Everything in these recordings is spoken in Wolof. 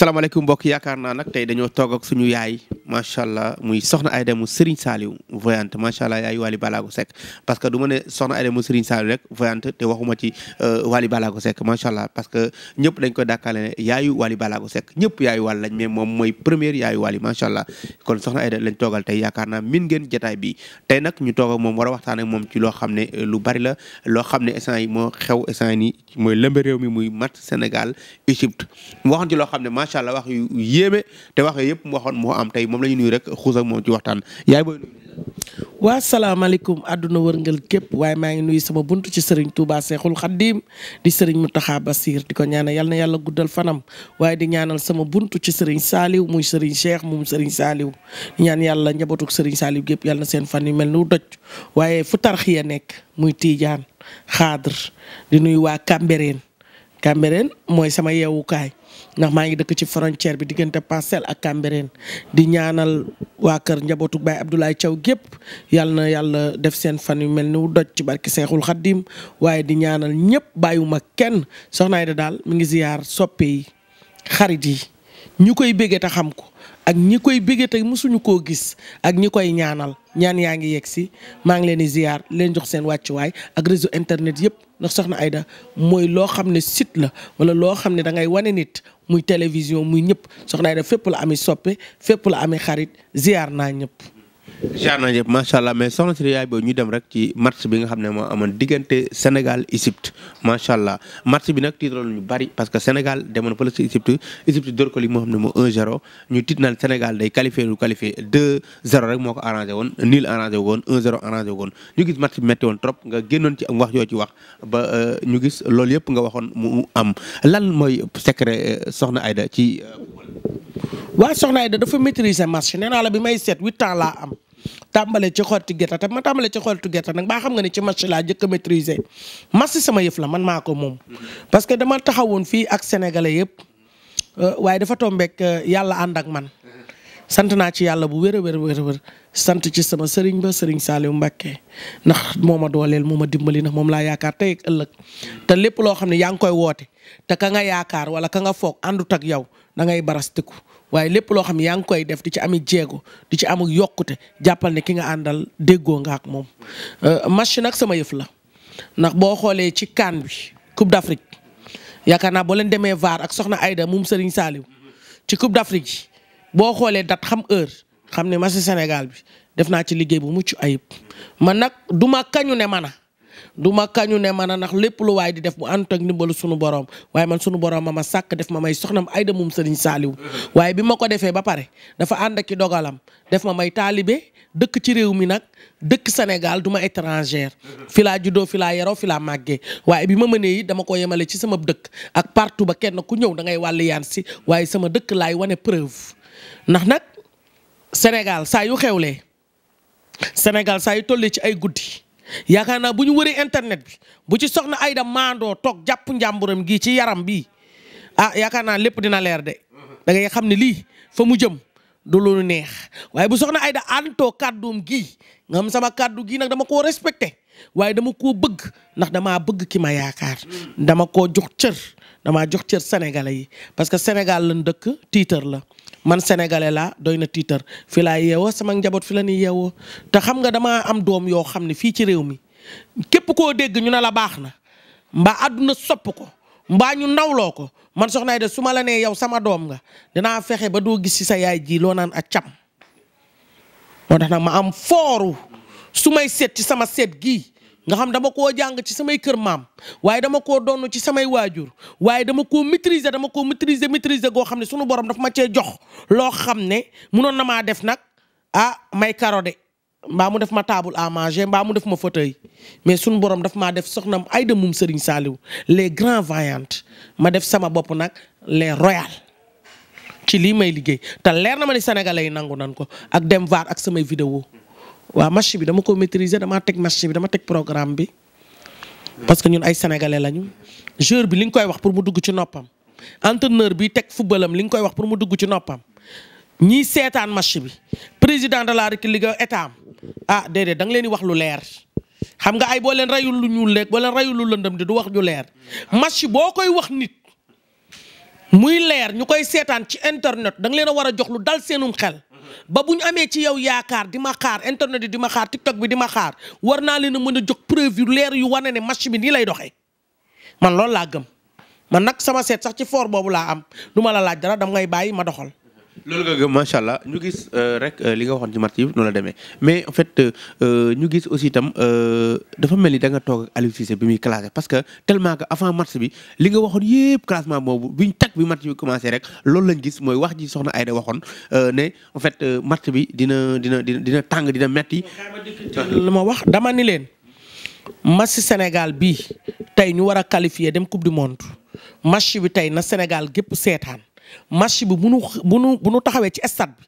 salaamaaleykum mbokk yaakaar na nag tey dañoo toog ak suñu yaay macha allah muy soxna Aida mu Serigne Saliou voyante macha allah yaay Wally Balago Seck parce que du ma ne soxna Aida mu Serigne Saliou rek voyante te waxuma ci euh, macha allah parce que ñëpp dañ koy dàkkaale ne yaayu Wally Balago Seck ñëpp yaayu Wally lañ mais moom mooy première yaayu Wally macha allah kon soxna Aida lañ toogal tey yaakaar naa min ngeen jotaay bi tey nag ñu moom war waxtaan moom ci loo xam ne euh, lu bari la loo xam ne instant moo xew instant yi mooy lëmbe réew mi muy match Sénégal Égypte mu waxoon ci loo xam ne macha allah wax yu yéeme te wax yëpp mu waxoon moo am tey moom la ñu nuyu rek xuus ak moom ci waxtaan yaay salaamaaleykum àdduna wërngal képp waaye maa ngi nuyu sama bunt ci sëriñ Touba Seexul Xaddiim di sëriñ taxa Bassir di ko ñaanal yal na yàlla guddal fanam waaye di ñaanal sama bunt ci sëriñ Saaliw muy sëriñ Cheikh moom sëriñ Saaliw ñaan yàlla njabootug sëriñ Saaliw gépp yal seen fan yu mel ni doj waaye fu tarxiya nekk muy Tiijaan Xaadir di nuyu waa Cambérène Cambérène mooy sama yeewukaay ndax maa ngi dëkk ci frontière bi diggante Parcelles ak Cambérène di ñaanal waa kër njabootu Baye Abdoulaye Thiaw gépp yàlla na yàlla def seen fan yu mel ni wu doj ci barki Seexul Xaddim waaye di ñaanal ñëpp bàyyiwuma kenn soxna yi Aida daal mi ngi si yaar soppe yi xarit yi ñu koy béggee te xam ko ak ñi koy bëggee tey mosuñu koo gis ak ñi koy ñaanal ñaan yaa ngi yegg si maa ngi leen di ziar leen jox seen wàccuwaay ak réseau internet yëpp ndax soxna Aida mooy loo xam ne site la wala loo xam ne da ngay wane nit muy télévision muy ñëpp soxna Aida fépp la ami soppe fépp la ami xarit ziar naa ñëpp. jaar nañ yëpp macha allah mais soxna si yaay boobu ñu dem rek ci match bi nga xam ne moo amoon diggante Sénégal Égypte macha allah match bi nag tiitaloon ñu bari parce que Sénégal demoon fële si Égypte Égypte dóor ko li moo xam ne moo 1-0 ñu tiit naan Sénégal day rek moo ko arrangé woon nil arrangé woon 1-0 woon ñu gis match bi métti woon trop nga génnoon ci wax yoo ci wax ba euh, ñu gis loolu yëpp nga waxoon mu am lan mooy secret euh, soxna ayda ci. Euh, waaw soxna Aida dafa maîtriser match nee bi may seet tàmbale ci xotti gerte te ma tàmbale ci xotti gerte nag baa xam nga ne ci match laa jëkk a maîtriser sama yëf la man maa ko moom. parce que dama taxawoon fii ak sénégalais yëpp euh, waaye dafa tombeek euh, yàlla ànd ak man. sant naa ci yàlla bu wér a wér sant ci sama sëriñ ba sëriñ Saliou Mbacké ndax moo ma dooleel moo ma dimbali ndax moom laa yaakaar tey ëllëg te lépp loo xam ne yaa ngi koy woote te ka nga yaakaar wala ka nga foog àndut ak yow da ngay barastiku waaye lépp loo xam yaa ngi koy def di ci ami jéego di ci amul yokkute jàppal ne ki nga àndal déggoo nga ak moom euh, match nag sama yëf la ndax boo xoolee ci CAN bi Coupe d'Afrique yaakaar naa boo leen demee VAR ak soxna Aida moom Serigne Saliou ci Coupe d'Afrique yi boo xoolee date xam heure xam ne match Sénégal bi def naa ci liggéey bu mucc ayib man nag duma kañu ne mana du ma kañu ne man a ndax lépp lu waaye di def bu ànd ak ndimbalu sunu borom waaye man sunu borom ma ma sàkk def ma may soxnam Aida moom Serigne saaliw mm-hmm. waaye bi ma ko defee ba pare dafa ànd ak ki dogalam def ma may taalibe dëkk ci réew mi nag dëkk Sénégal duma ma étranger mm-hmm. fi laa juddoo fi laa yaroo màggee waaye bi ma mënee dama ko yemale ci sama dëkk ak partout ba kenn ku ñëw da ngay wàll yaan si waaye sama dëkk laay wane preuve ndax nag Sénégal saa yu xewlee Sénégal saa yu ci ay guddi yaakaar naa bu ñu wëree internet bi bu ci soxna Aida maandoo toog jàpp njàmburam gii ci yaram bii ah yaakaar naa lépp dina leer de da ngay xam ne lii fa mu jëm du lu neex waaye bu soxna Aida àntoo kàdduum gii nga xam sama kàddu gii nag dama koo respecté. waaye dama koo bëgg ndax damaa bëgg ki ma yaakaar dama koo jox cër damaa jox cër sénégalais yi parce que Sénégal lan dëkk tiitar la man sénégalais laa doy na tiitar fi laa yeewoo sama njaboot fi la ñuy yeewoo te xam nga damaa am doom yoo xam ne fii ci réew mi képp koo dégg ñu ne la baax na mba àdduna sopp ko mba ñu ndawloo ko man soxnaay de su ma la nee yow sama doom nga dinaa fexe ba doo gis si sa yaay ji loo naan a cam moo tax ma am fooru su may seet ci sama seet gii nga xam dama ko jàng ci samay kër maam waaye dama koo donn ci samay waajur waaye dama ko maîtriser dama koo maîtriser maîtriser goo xam ne sunu borom daf ma cee jox loo xam ne munoon na maa def nag ah may karode mbaa mu def ma table à manger mbaa mu def ma fauteuil mais sunu borom daf maa def soxnam ay da mum Serigne Saliou les grands vaillantes ma def sama bopp nag les royales ci lii may liggéey te leer na ma ni sénégalais yi nangu nan ko ak dem vaar ak samay vidéo waaw match bi dama ko maîtriser damaa teg match bi dama teg programme bi parce que ñun ay sénégalais lañu joueur bi li nga koy wax pour mu dugg ci noppam enteneur bi teg footballam li nga koy wax pour mu dugg ci noppam ñiy seetaan match bi président de la république état am ah déedéet da nga leen di wax lu leer. xam nga ay boo leen rayul lu ñuul rek boo leen rayul lu lëndëm di du wax ñu leer match boo koy wax nit muy leer ñu koy seetaan ci internet da nga leen a war a jox lu dal seenum xel. ba bu ñu amee ci yow yaakaar di ma xaar internet di ma xaar tiktok bi di ma xaar war naa leen a mën a jog preuve yu leer yu wane ne match bi nii lay doxee man loolu laa gëm man nag sama seet sax ci foor boobu laa am du ma la laaj dara dam ngay bàyyi ma doxol loolu nga gëm macha allah ñu gis euh, rek euh, li nga waxoon ci match yi noonu la demee mais en fait euh, ñu gis aussi itam dafa mel ni da nga toog ak Aliou bi muy classé parce que tellement que avant match bi li nga waxoon yëpp classement boobu ñu tag bi match bi commencé rek loolu lañ gis mooy wax ji soxna Aïda waxoon ne en fait match bi dina dina dina dina tàng dina metti li ma wax dama ni leen match Sénégal bi tey ñu war a qualifier dem coupe du monde match bi tey na Sénégal gépp seetaan. match bi bu nu bu nu bu nu taxawee ci stade bi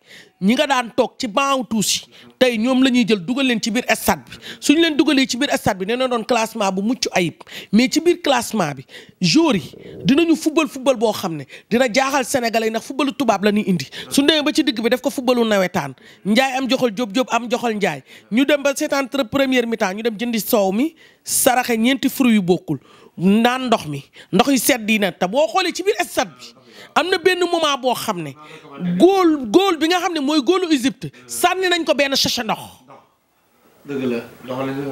ñi nga daan toog ci banc tuusi tey ñoom la ñuy jël dugal leen ci biir stade bi suñu leen dugalee ci biir stade bi nee na doon classement bu mucc ayib mais ci biir classement bi joueurs dina ñu fubal fubal boo xam ne dina jaaxal sénégalais yi ndax fubalu tubaab la ñuy indi suñu demee ba ci digg bi def ko fubalu nawetaan njaay am joxal jóob jóob am joxal njaay ñu dem ba seetaan première mi-temps ñu dem jëndi soow mi saraxe ñeenti fruits yu bokkul naan ndox mi ndox yu sedd yi na te boo xoolee ci biir stade bi am na benn moment boo xam ne góol góol bi nga xam ne mooy góolu Égypte sànni nañ ko benn sachet ndox. dëgg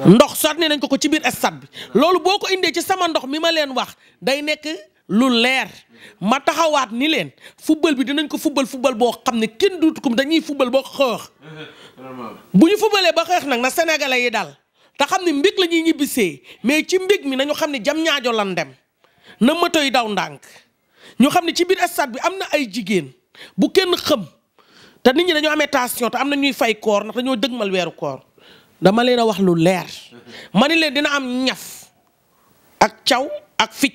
ndox sànni nañ ko ko ci biir stade bi loolu boo ko indee ci sama ndox mi ma leen wax day nekk lu leer ma taxawaat ni leen football bi dinañ ko football football boo xam ne kenn duut kum dañuy football ba xeex. bu ñu footballee ba xeex nag na sénégalais yi daal te xam ne mbég la ñuy ñibbisee mais ci mbég mi nañu xam ne jam ñaajo lan dem na moto yi daw ndànk. ñu xam ne ci biir stade bi am na ay jigéen bu kenn xëm te nit ñi dañoo amee tension te am na ñuy fay koor ndax dañoo dëgmal weeru koor dama leen a wax lu leer ma ni leen dina am ñaf ak caw ak fic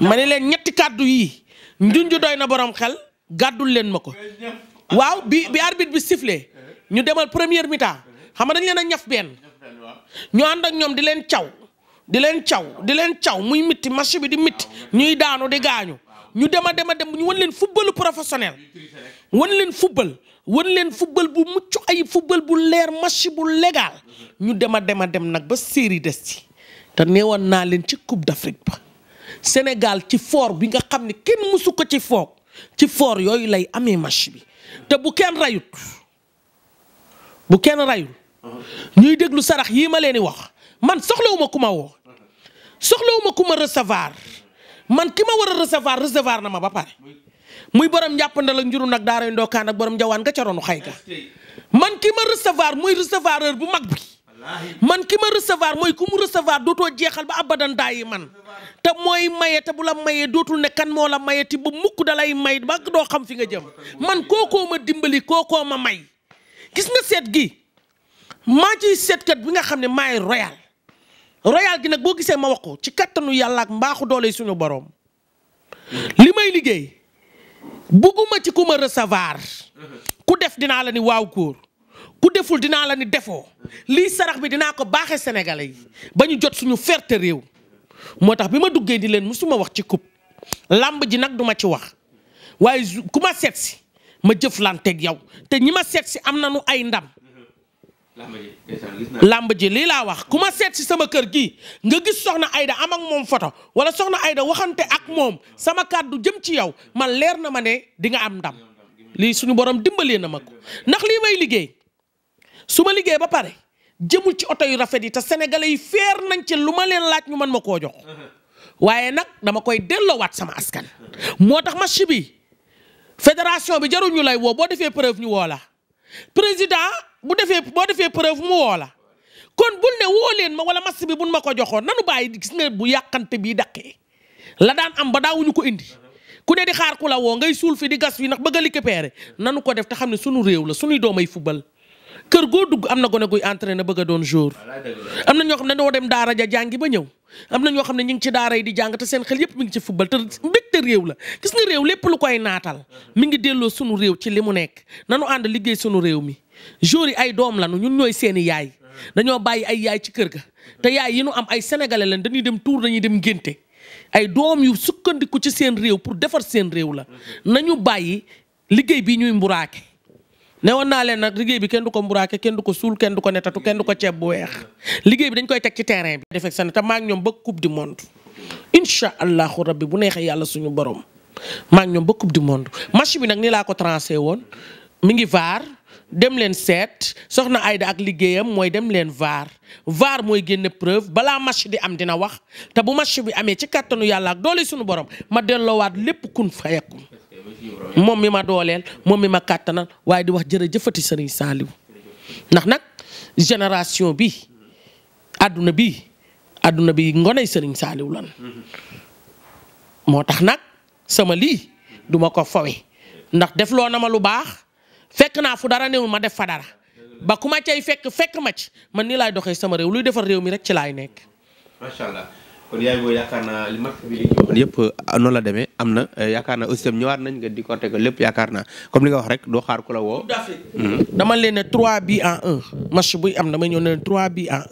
ma ne leen ñetti kàddu yii njunju doy na borom xel gàddul leen ma ko eh, waaw bi bi arbitre bi sifflé ñu demal première mi xam na dañ leen a ñaf benn ñu ànd ak ñoom di leen caw di leen caw di leen caw muy mitti marché bi di mitti ñuy daanu di gaañu ñu dem a dem a dem ñu wan leen football professionnel wan leen football wan leen football bu mucc ay football bu leer match bu legal ñu dem a dem a dem nag ba série des ci te neewoon naa leen ci coupe d'Afrique ba Sénégal ci foor bi nga xam ni kenn mësu ko ci foog ci foor yooyu lay amee match bi te bu kenn rayut bu kenn rayul ñuy déglu sarax yii ma leen di wax man soxlawuma ku ma woo soxlawuma ku recevoir man ki ma war a recevoir recevoir na ma ba pare muy borom njàppandal ak njuru nag daaray ndookaan ak borom njawaan nga ca ronu xay ga man ki ma recevoir muy recevoireur bu mag bi man ki ma recevoir mooy ku mu dootoo jeexal ba abadan daayi man te mooy maye te bu la mayee dootul ne kan moo la maye ti ba mukk da lay may ba doo xam fi nga jëm man kookoo ma dimbali kookoo ma may gis nga seet gi maa ciy seetkat bi nga xam ne maay royal royal gi nag boo gisee ma wax ci kattanu yàlla ak mbaaxu doole suñu borom li may liggéey bugguma ci ku recevoir ku def dinaa la ni waaw góor ku deful dinaa la ni defoo lii sarax bi dinaa ko baaxee sénégalais yi ba ñu jot suñu ferte réew moo tax bi ma duggee di leen musuma wax ci coupe làmb ji nag duma ci wax waaye ku ma seet si ma jëflanteeg yow te ñi ma seet si am nañu ay ndam. làmb ji lii laa wax ku ma seet si sama kër gi nga gis soxna Aida am ak moom photo wala soxna ayda waxante ak moom sama kàddu jëm ci yow man leer na ma ne di nga am ndam lii suñu borom dimbalee na ma ko ndax lii may liggéey su ma liggéey ba pare jëmul ci oto yu rafet yi te sénégalais yi feer nañ ci lu ma leen laaj ñu man ma koo jox waaye nag dama koy delloowaat sama askan moo tax match bi fédération bi jaruñu ñu lay woo boo defee preuve ñu woo la président bu defee boo defee preuve mu woo la kon bul ne woo leen ma wala masque bi nu ma ko joxoon nanu bàyyi gis nga bu yàqante bii daqee la daan am ba daawuñu ko indi ku ne di xaar ku la woo ngay suul fi di gas fi ndax bëgg a récupérer nanu ko def te xam ne sunu réew la sunuy doomay fubal kër goo dugg am na gone guy na bëgg a doon jour am na ñoo xam ne dañoo dem daara ja jàngi ba ñëw am na ñoo xam ne ñu ngi ci daara yi di jàng te seen xel yëpp mi ngi ci football te mbégte réew la gis nga réew lépp lu koy naatal mi ngi delloo sunu réew ci li mu nekk nanu ànd liggéey sunu réew mi jour yi ay doom la lanu ñun ñooy seeni yaay dañoo bàyyi ay yaay ci kër ga te yaay yi nu am ay sénégalais lañ dañuy dem tour dañuy dem ngénte ay doom yu sukkandiku ci seen réew pour defar seen réew la nañu bàyyi liggéey bi ñuy mburaake ne woon naa leen nag liggéey bi kenn du ko mburaake kenn du ko suul kenn du ko netatu kenn du ko ceeb bu weex liggéey bi dañ koy teg ci terrain bi. defek seen te maa ngi ñoom ba coupe du monde incha allahu rabbi bu neexee yàlla borom maa ngi ñoom ba coupe du bi nag nii laa ko trancé woon mi ngi vaar dem leen seet soxna Aida ak liggéeyam mooy dem leen vaar vaar mooy génn preuve balaa match di am dina wax te bu match bi amee ci kàttanu yàlla ak doole suñu borom ma delloowaat lépp kun fayakun moom mi ma dooleel moom mi ma kàttanal waaye di wax jërëjëfati sëriñ Saaliw ndax nag génération bi àdduna bi àdduna bi ngoney sëriñ Saaliw lan moo tax nag sama lii duma ko fawe ndax def loo na ma lu baax fekk naa fu dara néew ma def fa dara ba ku ma cay fekk fekk ma ci man nii laay doxee sama réew luy defar réew mi rek ci laay nekk kon yaay booy yaakaar naa li match bi li ñu yëpp euh, noonu la demee am na euh, yaakaar naa aussi tam ñëwaat nañ nga di corté ko lépp yaakaar naa comme li nga wax rek doo xaar ku la woo. Hmm. dama leen ne 3 bi en 1 buy am dama ñëw ne trois bi en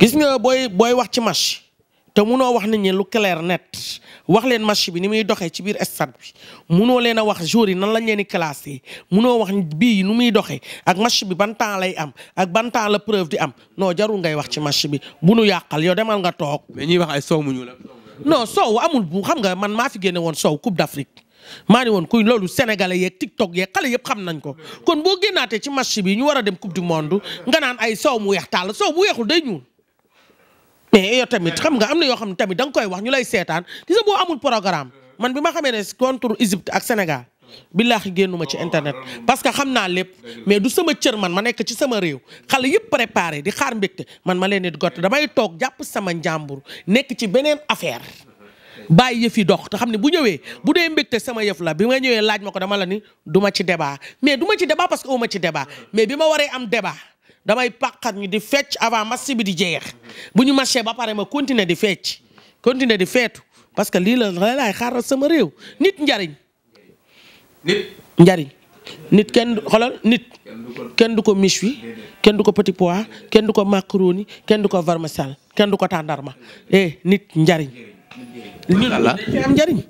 1 gis nga booy booy wax ci match. mu noo wax nit ñi lu clair net wax leen match bi ni muy doxee ci biir stade bi munoo leen a wax jour i nan lañ leen di classé munoo wax bi nu muy doxee ak match bi ban temps lay am ak ban temps la preuve di am noo jarul ngay wax ci match bi bu nu yàqal yow demal nga toog. mais ñuy wax ay soow mu ñu la. non soow amul bu xam nga man maa fi génne woon soow Coupe d'Afrique. maa ni woon kuy loolu sénégalais yeeg tiktok yeeg xale yëpp xam nañ ko kon boo génnaatee ci match bi ñu war a dem coupe du monde nga naan ay sow mu weex tàll soow bu weexul day ñuul. mais yow tamit xam nga am na yoo xam ne tamit da nga koy wax ñu lay seetaan di sa boo amul programme man bi ma xamee ne contre Égypte ak Sénégal billaahi génnuma ci oh, internet parce que xam naa lépp mais du sama cër man ma nekk ci sama réew xale yëpp préparé di xaar mbégte man ma leen di gott damay toog jàpp sama njàmbur nekk ci beneen affaire bàyyi yëf yi dox te xam ne bu ñëwee bu dee mbégte sama yëf la bi ma ñëwee laaj ma ko dama la ni du ma ci debaa mais du ci débat parce que aw ma ci débat mais bi ma waree am débat damay pàqat ñu di fecc avant match bi di jeex bu ñu matché ba pare ma continuer di fecc continuer di feetu parce que lii la laay xaaral sama réew nit njariñ nit njariñ nit kenn nit kenn du ko méchoui kenn du ko petit pois kenn du ko macaroni kenn du ko vermicelle kenn du ko tàndarma eh nit njariñ nit am njariñ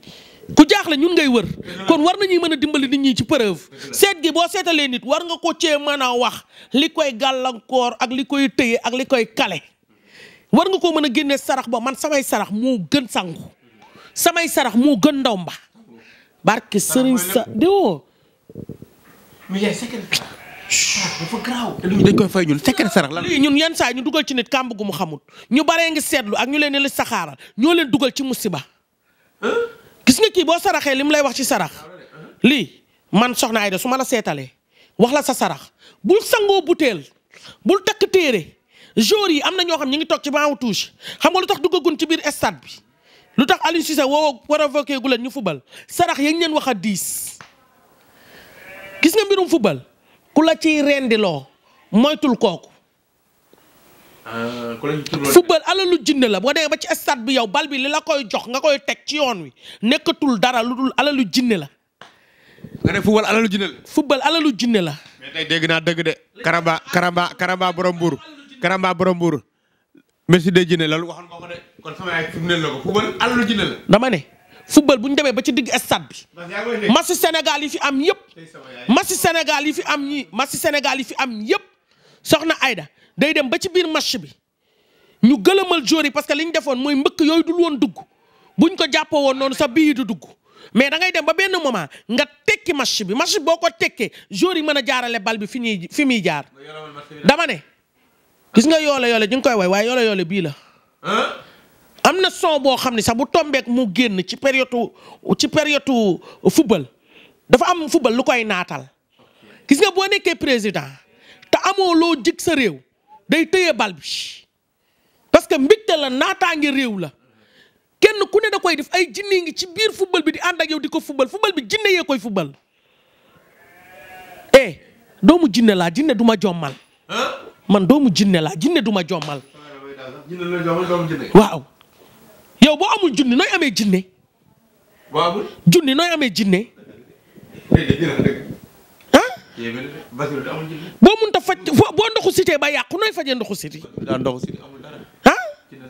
ku jaaxle ñun ngay wër kon war nañuy mën a dimbali nit ñi ci preuve seet gi boo seetalee nit war nga ko cee mën a wax li koy gàllankoor ak li koy tëye ak li koy kale war nga koo mën a génne sarax boo man samay sarax moo gën sangu samay sarax moo gën ndaw mba barke sëriñ sa déwoo dafa garaaw dañ koy fay ñun secret sarax la lii ñun yenn saa ñu dugal ci nit kàmb gu mu xamul ñu baree ngi seetlu ak ñu leen ne li saxaaral ñoo leen dugal ci musiba gis nga kii boo saraxee li mu lay wax ci sarax lii man soxna ay Aida su ma la seetalee wax la sa sarax bul sangoo butéel bul takk téere jour yi am na ñoo xam ñu ngi toog ci banc touche xam nga lu tax gun ci biir stade bi lu tax Aliou Cissé woo provoqué gu leen ñu fubal sarax yañ leen wax a diis gis nga mbirum fubal ku la ciy rendiloo moytul kooku Euh, football alalu jinne la boo demee ba ci stade bi yow bal bi li la koy jox nga koy teg ci yoon wi nekkatul dara lu dul alalu jinne la. nga ne football alalu jinne la. football alalu la. dégg naa dëgg de. Karamba Karamba Karamba borom Mbour. Karamba borom de jinne la lu waxoon ko de dama ne. football bu ñu demee ba ci digg stade bi. match Sénégal yi fi am yëpp. match Sénégal yi fi am ñii match Sénégal yi fi am yëpp soxna ayda day dem ba ci biir match bi ñu gëlëmal joor yi parce que li ñu defoon mooy mbëkk yooyu dul woon dugg buñ ko jàppoo woon noonu sa bii du dugg mais dangay dem ba benn moment nga tekki match bi match boo ko tekkee joor yi mën a jaarale bal bi fi ñuy fi muy jaar. dama ne gis nga yoole yoole ñu ngi koy way waaye yoole yoole bii la. am na son boo xam ne sax bu tombeek mu génn ci période ci période football dafa am football lu koy naatal gis nga boo nekkee président te amoo loo jig sa réew. day téye bal bi parce que mbégte la naataange réew la kenn ku ne da koy def ay jinne ngi ci biir football bi di ànd ak yow di ko football football bi jinne yee koy football eh doomu jinne laa jinne duma jommal man doomu jinne laa jinne duma ma jommal waaw yow boo amul junni nooy amee jinne junni nooy amee jinne boo munta faj boo ndoxu cité ba yàqu nooy fajee ndoxu cité ah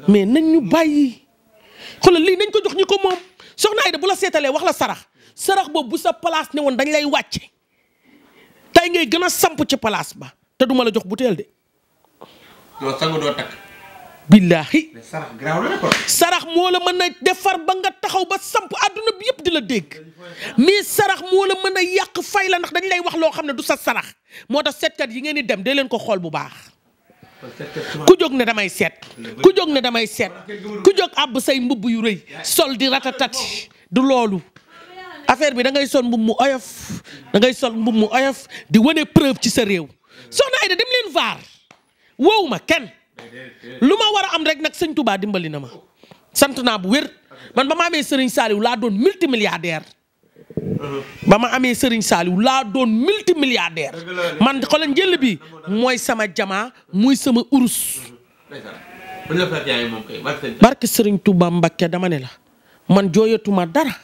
mais nañ ñu bàyyi xoolal lii nañ ko jox ñi ko moom soxna Aida bu la seetalee wax la sarax sarax boobu bu sa palaas ne woon dañ lay wàcce tey ngay gën a samp ci palaas ba te duma la jox butéel de doo sangu doo takk billaahi sarax moo la mën a defar ba nga taxaw ba samp àdduna bi yëpp di la dégg mii sarax moo la mën a yàq fay la ndax dañ lay wax loo xam ne du sa sarax moo tax seetkat yi ngeen di dem dee leen ko xool bu baax ku jóg ne damay seet ku jóg ne damay seet ku jóg àbb say mbubb yu rëy sol di ratatati du loolu affaire bi da ngay sol mbubb mu oyof da ngay sol mbubb mu oyof di wane preuve ci sa réew soxna Aida dem leen vaar wow ma kenn lu ma war a am rek nag sëñ Touba dimbali na ma sant naa bu wér man ba ma amee Serigne Saliou laa doon multimilliardaire ba ma amee Serigne Saliou laa doon multimilliardaire man xoolal njël bi mooy sama jamaa muy sama urus. barke Serigne Touba Mbakke dama ne la man jooyatuma dara.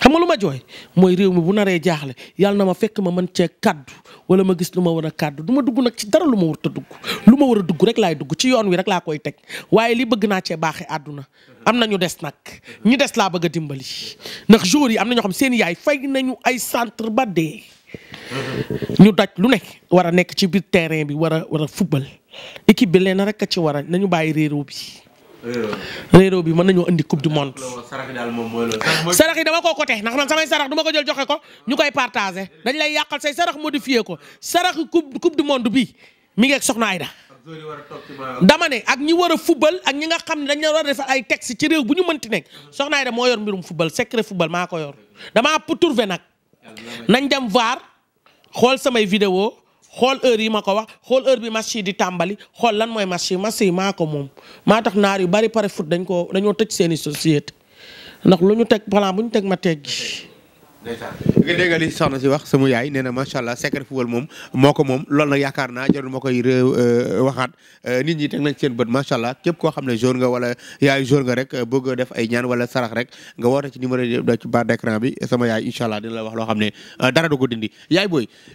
xam nga lu ma jooy mooy réew mi bu naree jaaxle yàlla na ma fekk ma mën cee kàddu wala ma gis lu ma war a kàddu du ma dugg nag ci dara lu ma warut a dugg lu ma war a dugg rek laay dugg ci yoon wi rek laa koy teg waaye li bëgg naa cee baaxee àdduna am na ñu des nag ñu des laa bëgg a dimbali ndax jour yi am na ñoo xam seen yaay fay nañu ay centre ba dee ñu daj lu nekk war a nekk ci biir terrain bi war a war a football bi leen rek a ci war a nañu bàyyi réeróo bi. réeróo bi mën nañoo indi coupe du monde. sarax yi dama ko côté ndax man samay sarax du ma ko jël joxe ko ñu koy partagé dañ lay yàqal say sarax modifié ko sarax coupe coupe du monde bi mi ngi ak soxna Ayda. dama ne ak ñi war a fubal ak ñi nga xam ne dañ la war a ay texte ci réew bu ñu mënti nekk soxna Ayda moo yor mbirum fubal secret fubal maa ko yor damaa pour trouver nag nañ dem voir xool samay vidéo xool heure yi ma ko wax xool heure bi match yi di tàmbali xool lan mooy match yi match yi maa ko moom maa tax naar yu bari pare foot dañ ko dañoo tëj seeni i société ndax lu ñu teg plan bu ñu teg ma teggi nga dégg li si wax sama yaay nee na macha allah secret football moom moo ko moom loolu nag yaakaar naa jarul ma koy euh, euh, waxaat euh, nit ñi teg nañ seen bët macha allah képp koo xam ne jour nga wala yaay jour nga rek bëgg def ay ñaan wala sarax rek nga woote ci numéro yi ci barre d'écran bi sama yaay incha allah dina la wax loo xam ne dara du ko yaay booy